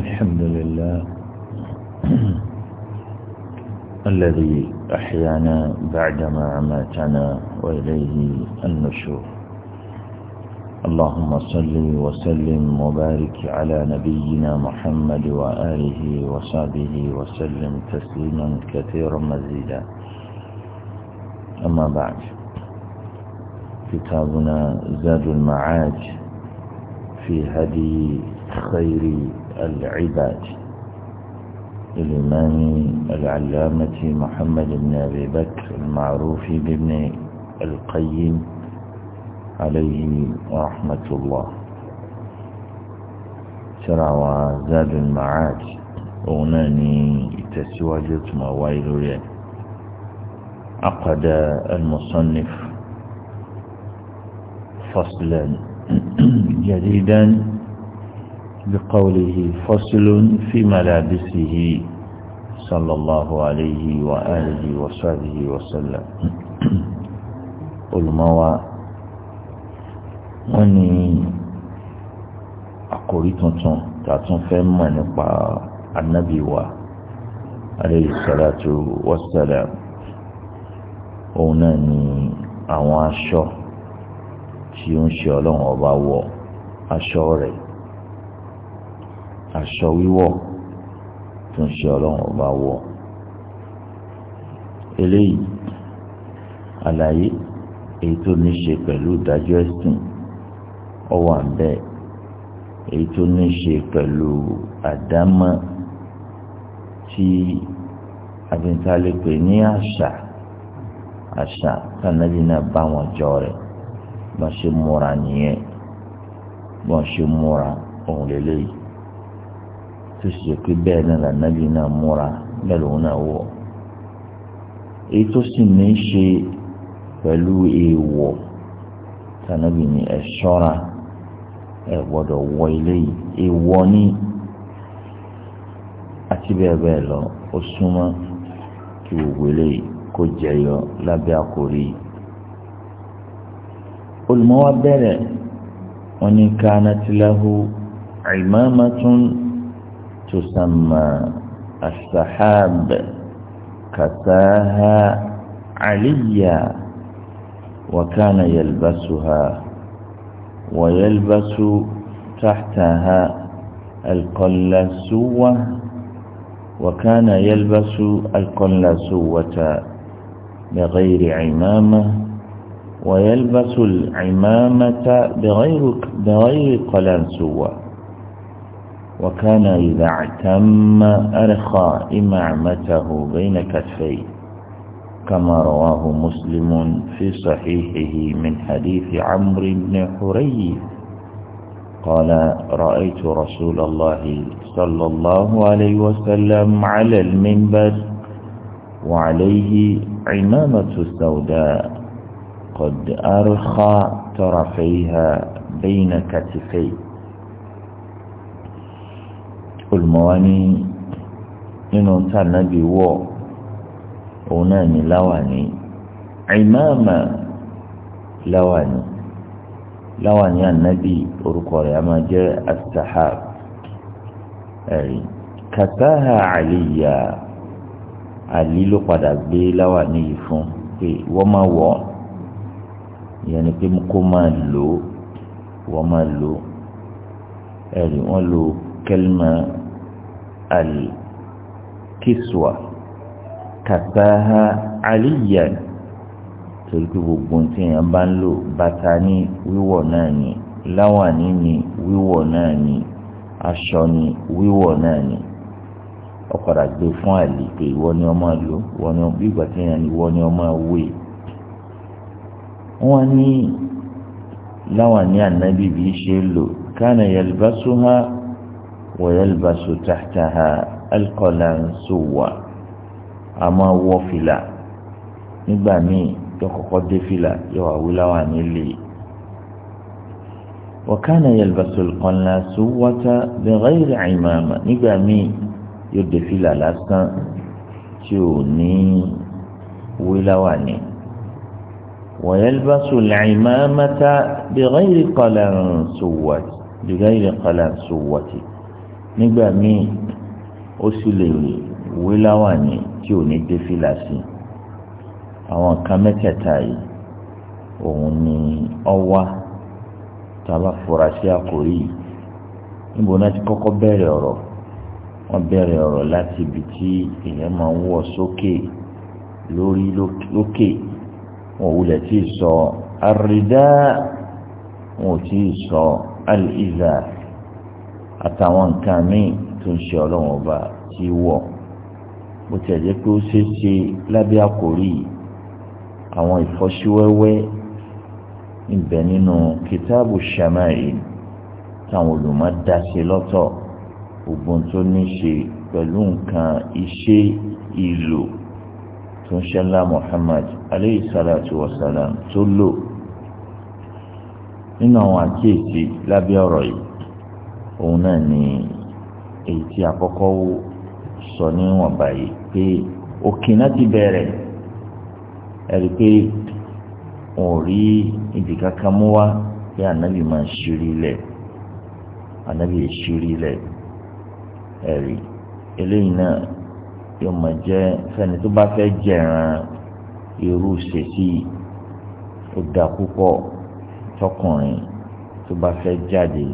الحمد لله الذي أحيانا بعدما أماتنا وإليه النشور اللهم صل وسلم وبارك على نبينا محمد وآله وصحبه وسلم تسليما كثيرا مزيدا أما بعد كتابنا زاد المعاج في هدي خير العباد للإمام العلامة محمد بن أبي بكر المعروف بابن القيم عليه رحمة الله شرع زاد المعاد أغناني تسواجت موائل عقد المصنف فصلا جديدا بقوله فصل في ملابسه صلى الله عليه وآله وصحبه وسلم الموا وني أقولي تنتون تاتون فهم نقع النبي و عليه الصلاة والسلام ونني àwọn aṣọ tí ó ń ṣe ọlọ́run ọba wọ aṣọ rẹ̀ aṣọ wíwọ̀ tó ń ṣe ọlọ́run ọba wọ̀ eléyìí àlàyé èyí tó ní ṣe pẹ̀lú ìdájọ́ ẹ̀sìn ọwọ́ àbẹ́ èyí tó ní ṣe pẹ̀lú àdámọ́ tí abintalẹ̀pẹ̀ ní àṣà àṣà tànàbí náà bá wọn jọ rẹ̀ bọ́n ṣe múra nìyẹn bọ́n ṣe múra òun lélẹ́yìí tó sì jẹ́ pé bẹ́ẹ̀ náà lànàbí náà múra bẹ́ẹ̀ lòun náà wọ̀ èyí tó sì ní í ṣe pẹ̀lú èèwọ̀ tànàbí ni ẹ ṣọ́ra ẹ gbọ́dọ̀ wọ ilé yìí èèwọ̀ ni àti bẹ́ẹ̀ bẹ́ẹ̀ lọ ó súnmọ́ kí gbogbo eléyìí kó jẹyọ lábẹ́ àkórí olùmọ́wá bẹ̀rẹ̀ wọn ni kánatiláhu ìmáàmá tún. تسمى السحاب كساها عليا وكان يلبسها ويلبس تحتها القلسوة وكان يلبس القلسوة بغير عمامة ويلبس العمامة بغير بغير قلنسوة وكان إذا اعتم أرخى إمعمته بين كتفيه كما رواه مسلم في صحيحه من حديث عمرو بن حريث قال رأيت رسول الله صلى الله عليه وسلم على المنبر وعليه عمامة سوداء قد أرخى طرفيها بين كتفيه olùmọ̀wá ní nínú tànàbí wọ̀ òun náà ní láwàní ìmáàmà láwàní láwàní ànábì orúkọ rẹ̀ a máa jẹ́ astahab ẹ̀rí kàtàhà àlìyà àlì ló padà gbé láwàní yìí fún pé wọ́n máa wọ̀ ìyẹn ni pé kó máa lò wọ́n máa lò ẹ̀rí wọ́n lò kẹ́lìmọ̀ al-kiswa kàtàhà aliyan torí pé gbogbo tí èèyàn bá ń lò bàtà ní wíwọ̀ náà ni láwàní ní wíwọ̀ náà ni aṣọ ni wíwọ̀ náà ni ọ̀padà gbé fún àlè pé ìwọ ni ọmọ lò wọ́n ní bí ìgbà tí èèyàn ni ìwọ ni ọmọ wé wọ́n ní láwàní ànábìbí ṣe lò kánà yalbasuha. ويلبس تحتها القلنسوة àmọ́ wọ fìlà nígbà míì yóò kọ́kọ́ dé fìlà yóò wá wíláwà nílé وكان يلبس القلنسوة بغير عمامة nígbà míì yóò dé fìlà lásán tí ò ní wíláwà ní. ويلبس العمامة بغير قلنسوة بغير قلنسوة nígbà míì ó sì lè wé láwàní tí ò ní dé fìlà sí àwọn nǹkan mẹ́tẹ̀ẹ̀ta yìí òun ni ọwá tàbá fura sí àkórí yìí níbo náà ti kọ́kọ́ bẹ̀rẹ̀ ọ̀rọ̀ wọ́n bẹ̀rẹ̀ ọ̀rọ̀ láti ibi tí èèyàn máa ń wọ̀ sókè lórí lókè wọn ò wulẹ̀ tí ì sọ àrídá wọn ò tí ì sọ àlìzà àtàwọn nǹkan míì tó ń ṣe ọlọ́run ọba tí wọ̀ bó tiẹ̀ jẹ́ pé ó ṣeé ṣe lábẹ́ àkórí àwọn ìfọ́síwẹ́wẹ́ ibẹ̀ nínú kìtáàbù sàmáì táwọn olùmọ̀ dá ṣe lọ́tọ̀ ògbón tó ní ṣe pẹ̀lú nǹkan iṣẹ́ ìlò tó ń ṣẹlá Muhammad aleyhi salatu wa salam tó lò nínú àwọn àkíyèsí lábẹ́ ọ̀rọ̀ yìí òun náà ni èyí tí àkọ́kọ́ sọ níwọ̀n báyìí pé òkè náà ti bẹ̀rẹ̀ ẹ̀rí pé òun rí ibì kankan mú wá pé ànábì máa ṣírí lẹ̀ ànábì ṣírí lẹ̀ ẹ̀rí eléyìí náà yóò máa jẹ́ fẹ́ni tó bá fẹ́ jẹ̀ràn irú ṣèṣì ó dá púpọ̀ tọkùnrin tó bá fẹ́ jáde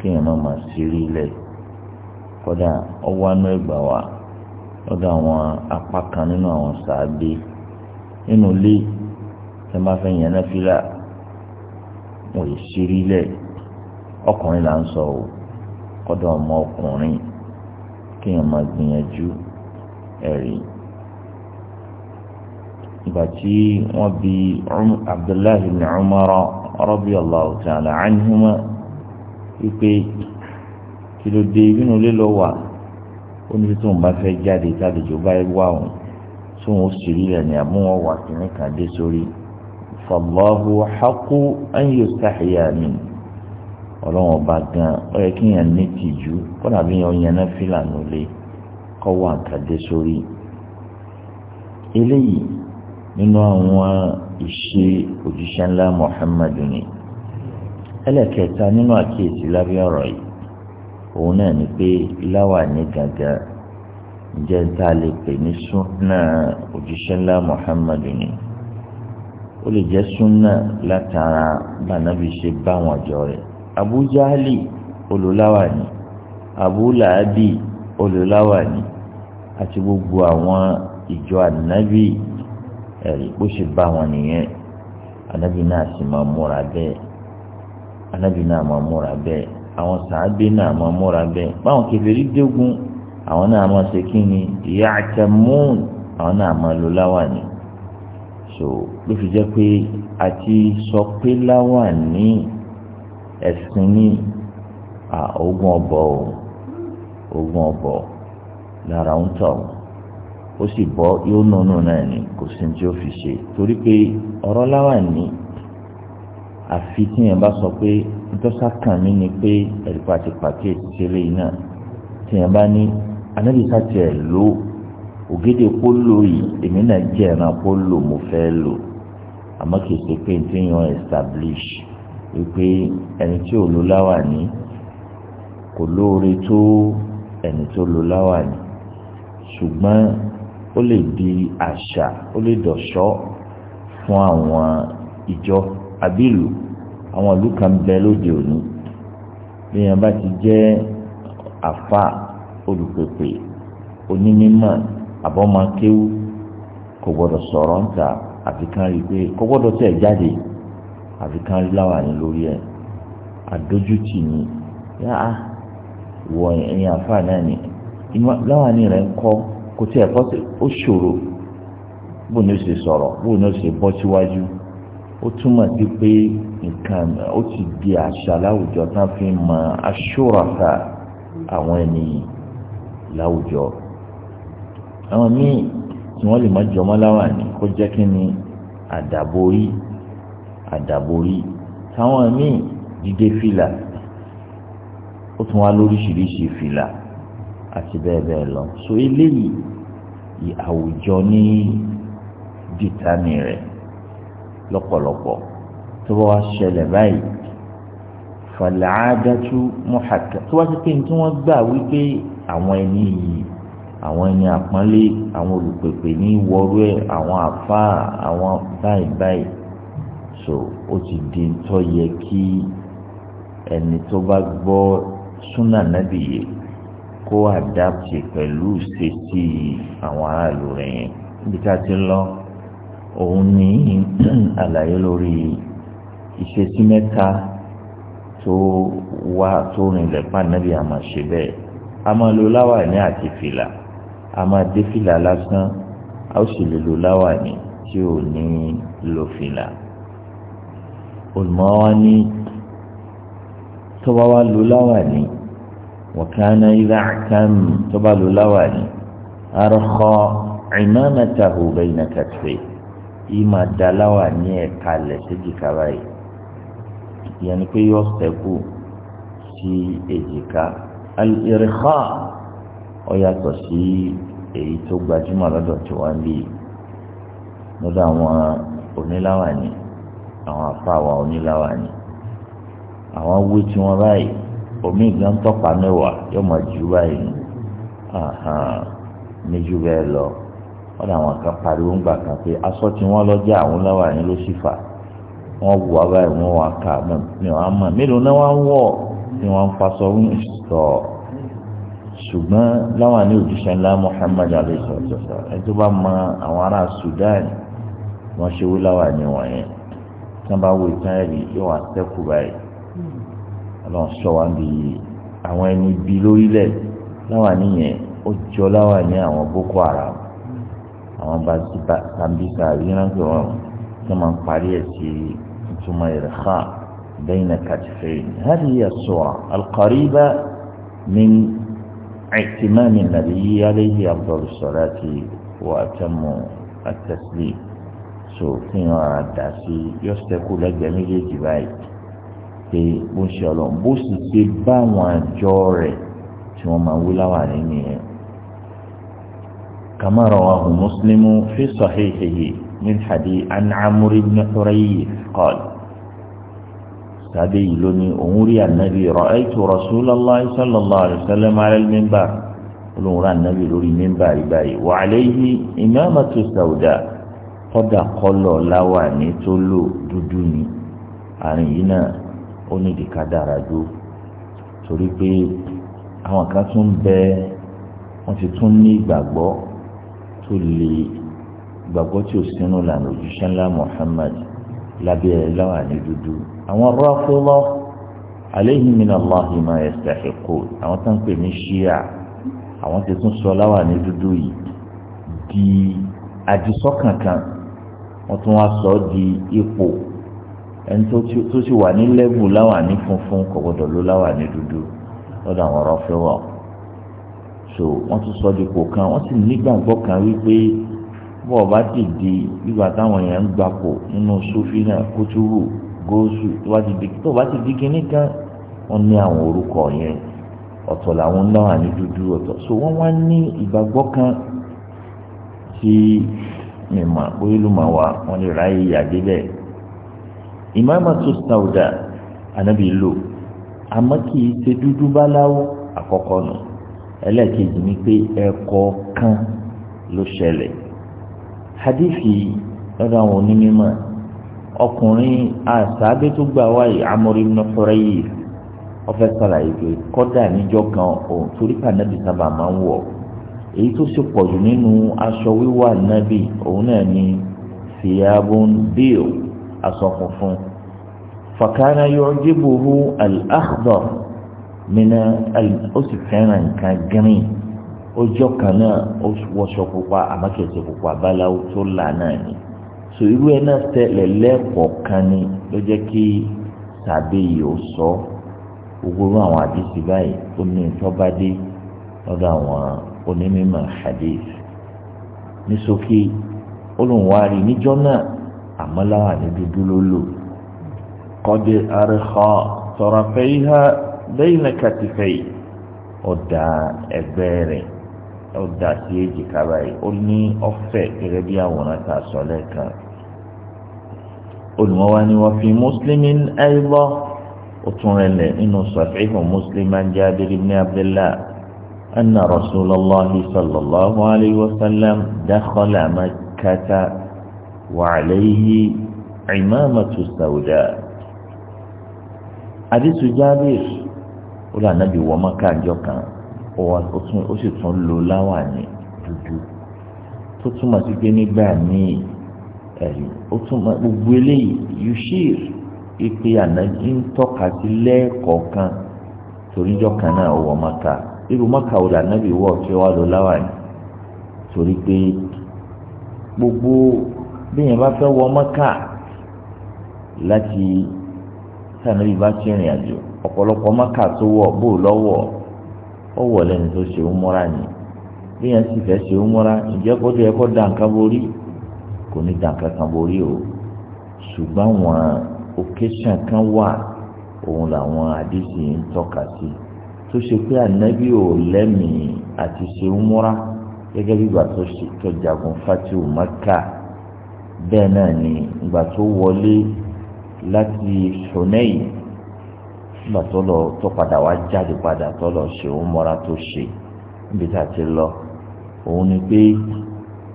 kéèyàn má máa ṣeré lẹ̀ kódà ọwọ́ anú ẹgbà wa lọ́dọ̀ àwọn apá kan nínú àwọn sàábé nínú ilé ẹ má fẹ́ yẹn náà fílà wọ́n yìí ṣeré lẹ̀ ọkùnrin là ń sọ o kódà ọmọ ọkùnrin kéèyàn máa gbìyànjú ẹ̀rí ìgbà tí wọ́n bi Abdullahi ibn Umar radiyallahu ta'ala anhuma wípé kìlódé inú ilé lọ wà ó ní tí wọn bá fẹ́ jáde tàlejò báyìí wà wọn tí wọn ó sì rí rẹ̀ ní àmú wọn wà kìnnì kan dé sórí fàlọ́hu haqqu an yustahya min ọlọ́wọ́n ọba gan ọ yẹ kí yẹn ní tìjú kọ́nà bí yẹn yẹn náà fìlà nulẹ̀ kọ́ wà kàn dé sórí eléyìí nínú àwọn ìṣe òjíṣẹ́ ńlá Muhammadu ni ẹlẹ́kẹta nínú àkíyèsí lábẹ́ ọ̀rọ̀ yìí òun náà ni pé láwàní gàgà ǹjẹ́ tá a lè pè ní súnà òjíṣẹ́ ńlá Muhammadu ni ó lè jẹ́ súnà látara bànábì ṣe bá wọn jọ rẹ̀ Abu Jahali olùláwàní Abu Làábì olùláwàní àti gbogbo àwọn ìjọ ànábì ẹ̀rí bó ṣe bá wọn nìyẹn ànábì náà sì máa múra bẹ́ẹ̀ anábì náà máa múra bẹ́ẹ̀ àwọn sàábé náà máa múra bẹ́ẹ̀ báwọn kẹfẹ́rí dógún àwọn náà máa ṣe kí ni ìyá àtẹmúùn àwọn náà máa lo láwàní so ló fi jẹ́ pé àti sọ pé láwàní ẹ̀sìn ní ogun ọ̀bọ̀ o ogun ọ̀bọ̀ lára ń tọ̀ ó sì bọ́ yóò nùnú náà ni kò sí ní tí ó fi ṣe torí pé ọ̀rọ̀ láwàní àfi tí yẹn bá sọ pé dọ́sà kàn mí ni pé ẹ̀rípa ti pàkíyèsí sílé iná tí yẹn bá ní anábìsà tiẹ̀ lò ògèdè pólò yìí èmi náà jẹ́ ẹ̀ràn pólò mo fẹ́ lò àmọ́ kì ṣe pé n ti yan establish wípé ẹni tí ò lò láwà ní kò lóore tó ẹni tó lò láwà ní ṣùgbọ́n ó lè di àṣà ó lè dọ̀ṣọ́ fún àwọn ìjọ abílù àwọn ìlú kan bẹ lóde òní bí yẹn bá ti jẹ́ àfa olùpèpè onímọ̀ àbọ̀mọkéwú kò gbọdọ̀ sọ̀rọ̀ ń ta àfi kan rí i pé kò gbọdọ̀ tẹ̀ jáde àfi kan rí láwà ní lórí ẹ̀ àdójútì ni yáa ah, wọ ẹ̀yìn àfa náà ni láwà ní rẹ̀ ń kọ́ kò tí ẹ̀ kọ́ ó ṣòro bó ni ó ṣe sọ̀rọ̀ bó ni ó ṣe bọ́ síwájú. Si ó túmọ̀ sí pé nǹkan ó ti di àṣà láwùjọ tán fi mọ aṣọ́ràṣà àwọn ènìyàn láwùjọ àwọn míì tí wọ́n lè má jọmọ́ láwà ní kó jẹ́ kí ni àdàborí àdàborí táwọn míì dídé fìlà ó tún wá lóríṣiríṣi fìlà àti bẹ́ẹ̀ bẹ́ẹ̀ lọ so eléyìí àwùjọ ní dìtánì rẹ̀ lọ́pọ̀lọpọ̀ tó bá wá ṣẹlẹ̀ báyìí fàlàádàtú mọ́hàkà tó wá sí pé tí wọ́n gbà wípé àwọn ẹni yìí àwọn ẹni àpọ́nlé àwọn olùpèpè ní wọ́rú ẹ̀ àwọn àfáà àwọn báyìí báyìí so ó ti di tó yẹ kí ẹni tó bá gbọ́ súnà nábì yìí kó àdáptì pẹ̀lú ṣèṣì àwọn aráàlú rẹ̀ yẹn níbi tá a ti lọ́ọ́ òun ní àlàyé lórí ìṣesí mẹ́ta tó wá tó rìnlẹ̀ pàǹdàbí àmọ́ ṣe bẹ́ẹ̀ a máa lo láwàní àti fìlà a máa dé fìlà lásán a ó sì lè lo láwàní tí ò ní lo fìlà olùmọ́wá ní tọ́ba wa lo láwàní wọ̀kánná ilé àkàm tọ́ba lo láwàní arọ́kọ ìmáàmẹ́ta ò bẹ́ẹ̀ ní kàtẹ́ẹ̀ yìí máa ní ẹ̀ka lẹ̀ séjìká báyìí ìyẹn ni pé yóò sẹ́kù sí èjìká al-irkha ó yàtọ̀ sí èyí tó gbajúmọ̀ lọ́dọ̀ tí wọ́n ń bí lọ́dọ̀ àwọn oníláwà ni àwọn afáwa oníláwà ni àwọn wí tí wọ́n báyìí omi ìgbọ́n tọ́pa mẹ́wàá yóò jù báyìí níjú bẹ́ẹ̀ lọ wọ́n ní àwọn kan pariwo ńgbà kan pé aṣọ tí wọ́n lọ́jà àwọn lọ́wọ́ àyín ló sì fà wọ́n wù wá báyìí wọ́n wà ká mi wọ́n á mọ̀ mélòó náà wọ́n wọ̀ tí wọ́n ń faṣọ ń sọ ṣùgbọ́n láwọn ní òjíṣẹ́ ńlá Muhammad alayhi sallam ẹni tó bá mọ àwọn ará Sudan wọ́n ṣe wí láwọn àyìn wọ̀nyẹn tí wọ́n bá wo ìtàn ẹ̀rí yóò wá sẹ́kù báyìí ọlọ́run sọ wá àwọn bá ti bá tàbí ká sàárì ránṣẹ́ wọn tó máa ń parí ẹ̀ sí ìtumọ̀ ìrẹ̀ká بين كتفين هذه هي الصورة القريبة من اعتمام النبي عليه أفضل الصلاة وأتم التسليم سوفين الدعسي يستكو لجميل جبائك pé bó ń ṣe ọlọ́run bó sì ti bá àwọn àjọ rẹ̀ tí wọ́n máa wí yẹn. كما رواه مسلم في صحيحه من حديث عن عمرو بن حريث قال سبي لني النبي رأيت رسول الله صلى الله عليه وسلم على المنبر ولورا النبي لوري منبر باي وعليه إمامة سوداء قد قل لواني تلو دودوني هنا أني دي كدارجو torí pé àwọn kan tún bẹ wọn ti tó le gbàgbọ́ tí ò sínú lànà òjíṣẹ́ ńlá Muhammad lábẹ́ láwàní dúdú àwọn Rafida alayhim minallahi ma yastahiqun àwọn tó ń pè ní ṣíà àwọn ti tún sọ láwàní dúdú yìí di àdìsọ́kàn kan wọ́n tún wá sọ di ipò ẹni tó sì wà ní lẹ́bù láwàní funfun kò gbọdọ̀ ló láwàní dúdú lọ́dọ̀ àwọn Rafida so wọ́n tún sọ di kò kan wọ́n sì nígbàgbọ́ kan wípé bọ́ọ̀ bá dìde nígbà táwọn èèyàn ń gbapò nínú sufi náà kútúrú góòsù tó bá ti di kinní kan wọ́n ní àwọn orúkọ yẹn ọ̀tọ̀ làwọn náà ní dúdú ọ̀tọ̀ so wọ́n wá ní ìgbàgbọ́ kan tí mímọ́ oyélùmọ̀ wa wọ́n lè ráyè yàgé bẹ́ẹ̀ ìmáàmà tó sàwùdà ànábì lò àmọ́ kì í ṣe dúdú báláwo àkọ́kọ́ nù. No ẹlẹ́ẹ̀kejì ni pé ẹ̀kọ́ kan ló ṣẹlẹ̀ hadithi lọ́dọ̀ àwọn onímọ̀ ọkùnrin àṣàbẹ tó gbà wáyé amúrí nọfọrẹ yìí ọfẹ sàlàyé pé kódà níjọ́ kan òun torí pàdánù sábà máa ń wọ èyí tó sì pọ̀jù nínú aṣọ wíwọ̀ ànábì òun náà ni fìyàbùn bíò aṣọ funfun fàkàrà yọjú bùhù al-akhdar mina ó sì fẹ́ràn nǹkan green ọjọ́ kan náà ó wọṣọ pupa àmọ́kẹ́sẹ̀ pupa báláwo tó là náà ni so irú ẹ náà tẹ̀lẹ̀ lẹ́ẹ̀kọ̀ọ̀kan ni ló jẹ́ kí tàbí yìí ó sọ ogoro àwọn àdìsí báyìí ó ní ìtọ́bádé lọ́dọ̀ àwọn onímọ̀ hadith ní ṣókí olùwárí níjọ́ náà àmọ́ láwọn àdìdúdú ló lò qad arkha tarafiha bẹ́yìn náà kàtìfẹ́ yìí ọ̀dà ẹgbẹ́ rẹ̀ ọ̀dà sí èjìká báyìí ó ní ọ̀fẹ́ gẹ́gẹ́ bí àwòrán ta sọ lẹ́ẹ̀kan olùmọ̀wá ni wọ́n fi mùsùlùmí ẹ̀rọ ó rẹ̀ lẹ̀ nínú sọ̀fẹ́ fún mùsùlùmí Jábir ibn Abdullah. أن رسول الله صلى الله عليه وسلم دخل مكة وعليه عمامة سوداء حديث جابر ó lọ ànábì wọ mọ́kànjọ́ kan ó sì tún lo láwàní dúdú tó túmọ̀ sí pé nígbà míì ẹ̀rí ó túmọ̀ gbogbo eléyìí yushir ìpè ànábì ń tọ́ka sí lẹ́ẹ̀kọ̀ọ̀kan toríjọ́ kan náà wọ mọ́kà irú mọ́kà ó lọ ànábì wọ̀ tí wọ́n lo láwàní torí pé gbogbo bíyẹn bá fẹ́ wọ mọ́kà láti sànàbí bá ti rìn àjò ọ̀pọ̀lọpọ̀ mọ́kà tó wọ̀ bó lọ́wọ́ ó wọ̀ lẹ́nu tó ṣe ń múra ni bí yẹn sì fẹ́ ṣe ń múra ìjẹ́ kó tó yẹ kó da nǹkan borí kò ní da nǹkan kan borí o ṣùgbọ́n àwọn occasion kan wà òun làwọn àdìsí ń tọ́ka sí tó ṣe pé ànábì ò lẹ́mìí àti ṣe ń múra gẹ́gẹ́ bí ìgbà tó ṣe tó jagun fatiu maka bẹ́ẹ̀ náà ni ìgbà tó wọlé láti ṣọ̀nẹ́yìí. nígbà tó lọ tó padà wá jáde padà ṣe òun lọ òun ni pé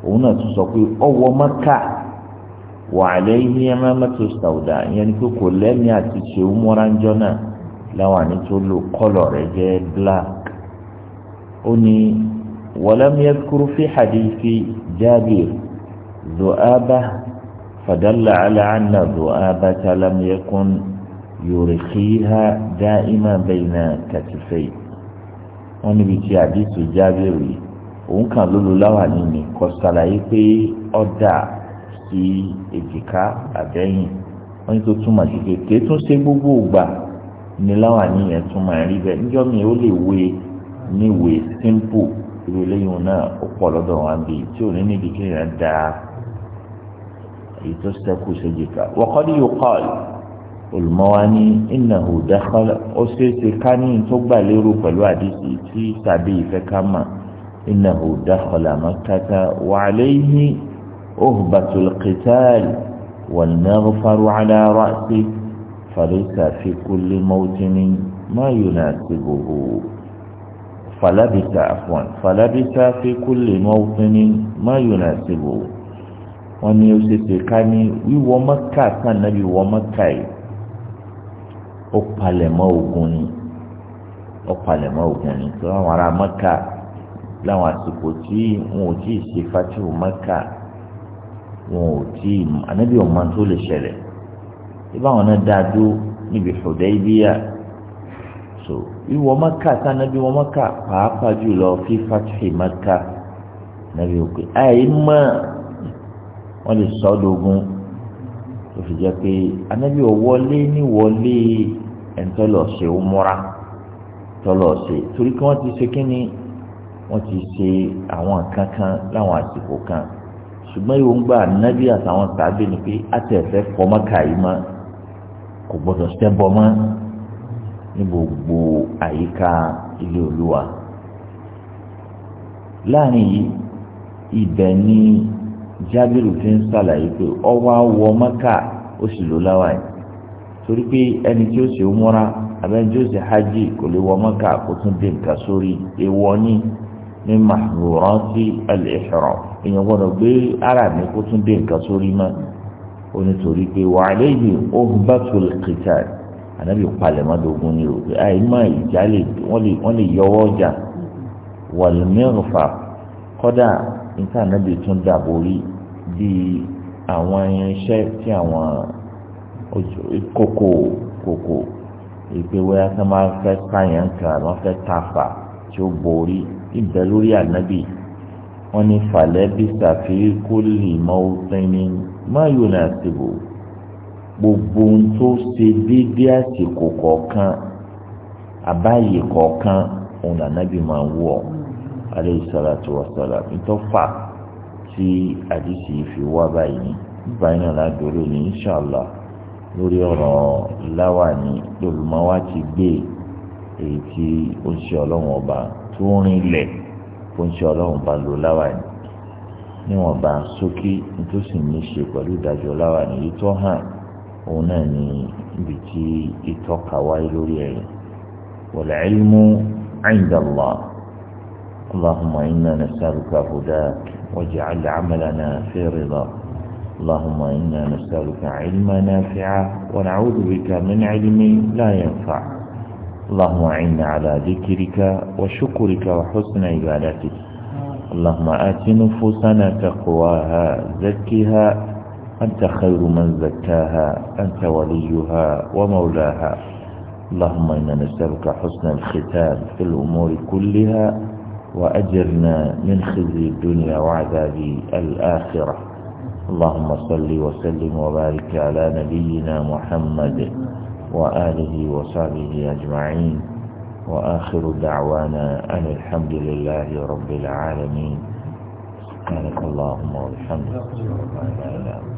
òun náà tún sọ pé ọwọ́ mọ́kà wà lẹ́yìn ẹ̀mẹ́ mẹ́tò sàwùdà ìyẹn ni pé kò lẹ́mìí àti ṣe òun mọ́ra ń jọ náà láwọn àní tó lò kọ́lọ̀ rẹ̀ jẹ́ black ó ní fi hadithi jábìr dùn ábá fàdálà àlà àná ha dáìmà bẹ́yìnà kàtìfẹ́yì wọ́n níbi tí àdìsù jábìrì yìí òun kàn ló lu láwàní ni kò ṣàlàyé pé ọ̀dà sí èjìká àbẹ́yìn wọ́n ní tó túmọ̀ sí kékeré ṣe gbogbo ògbà ni láwàní yẹn tún máa rí bẹ́ẹ̀ níjọ́ mi ó lè wé níwè simple irú eléyìí náà ó pọ̀ lọ́dọ̀ wọn bí tí ò ní níbi kí èèyàn da èyí tó ṣẹ́kù wọ́n kọ́ ní yóò olùmọ́wá ní innahu dakhala ó ṣeéṣe ká ní tó gbà lérò pẹ̀lú àdìsí tí tàbí ìfẹ́ ká mà innahu dakhala makkata wa alayhi uhbatul qital wal maghfaru ala ra'si falaysa fi kulli mawtinin ma yunasibuhu falabisa afwan falabisa fi kulli mawtinin ma yunasibuhu wọ́n ní ó ṣeéṣe ká ní wíwọ̀ mọ́kà náà bí wọ́n mọ́kà yìí ó palẹ̀ mọ́ ogun ni ó palẹ̀ mọ́ ogun ni tó àwọn ará mẹ́ka láwọn àsìkò tí wọn ò tí ì ṣe fatihu mẹ́ka wọn ò tí ì anábì ọ̀ma tó lè ṣẹlẹ̀ ibà wọn náà dáa dó níbi Hudaybiya so ìwọ mẹ́ka sanabi wọn mẹ́ka pàápàá jùlọ fi fatihu mẹ́ka nàbí òkè àyè mọ́ wọn lè sọ́ọ́ dogun tó fi jẹ́ pé anábì ọ̀wọ́lé níwọlé ẹ̀ńtọ́lọ̀ ṣe ó múra tọ́lọ̀ ṣe torí kí wọ́n ti ṣe kínní wọ́n ti ṣe àwọn nǹkan kan láwọn àsìkò kan ṣùgbọ́n ìwọ̀n gba nábì àtàwọn sàábì ni pé àtẹ̀fẹ́ fọmọ́kà yìí mọ́ kò gbọ́dọ̀ ṣẹ́bọ mọ́ ní gbogbo àyíká ilé olúwa láàrin yìí ibẹ̀ ni jábìrì fi ń ṣàlàyé pé ọwọ́ àwọ̀ mọ́kà ó sì lò láwàá yìí torí pé ẹni tí ó sì múra abẹ́ni tí ó sì hajj kò lè wọ mọ́kà kó tún dé nǹkan sórí ewọ́ ní ní mahdhurati al-ihram èèyàn gbọ́dọ̀ gbé ara mi kó tún dé nǹkan sórí mọ́ ó ní torí pé wa alayhi uhbatul qital ànábì palẹ̀mọ́dógún ni o àyè má ìjà wọ́n lè yọwọ́ ọjà wal kọ́dà níta ànábì tún dàbò rí bíi àwọn irinṣẹ́ tí àwọn kókó kókó ìgbé wẹ́yà tó máa fẹ́ káyàn kan wọ́n fẹ́ tàfà tí ó borí ibẹ̀ lórí ànábì wọ́n ní falẹ́ bí sàfihì kó lè mọ òfin máa yóò náà ti bò gbogbo ohun tó ṣe déédéé àsìkò kọ̀ọ̀kan àbáyé kọ̀ọ̀kan òun ànábì máa wú ọ alayhi salatu wa salam ìtọ́fà tí àdìsí fi wá báyìí báyìí náà ládùúró ní inṣàlá lórí ọ̀rọ̀ láwàní lọ́lùmọ́wá ti gbé èyí tí ó ń ṣe ọlọ́run ọba tó ń rin ilẹ̀ tó ń ṣe ọlọ́run ọba lò láwàní níwọ̀n bá sókè tó sì ní ṣe pẹ̀lú ìdájọ́ láwàní yìí tó hàn òun náà ní ibi tí ìtọ́ka wáyé lórí ẹ̀yìn wal ilmu inda اللهم إنا نسألك هداك واجعل عملنا في رضاك اللهم إنا نسألك علما نافعا ونعوذ بك من علم لا ينفع اللهم أعنا على ذكرك وشكرك وحسن عبادتك اللهم آت نفوسنا تقواها زكها أنت خير من زكاها أنت وليها ومولاها اللهم إنا نسألك حسن الختام في الأمور كلها وأجرنا من خزي الدنيا وعذاب الآخرة اللهم صل وسلم وبارك على نبينا محمد وآله وصحبه أجمعين وآخر دعوانا أن الحمد لله رب العالمين سبحانك اللهم وبحمدك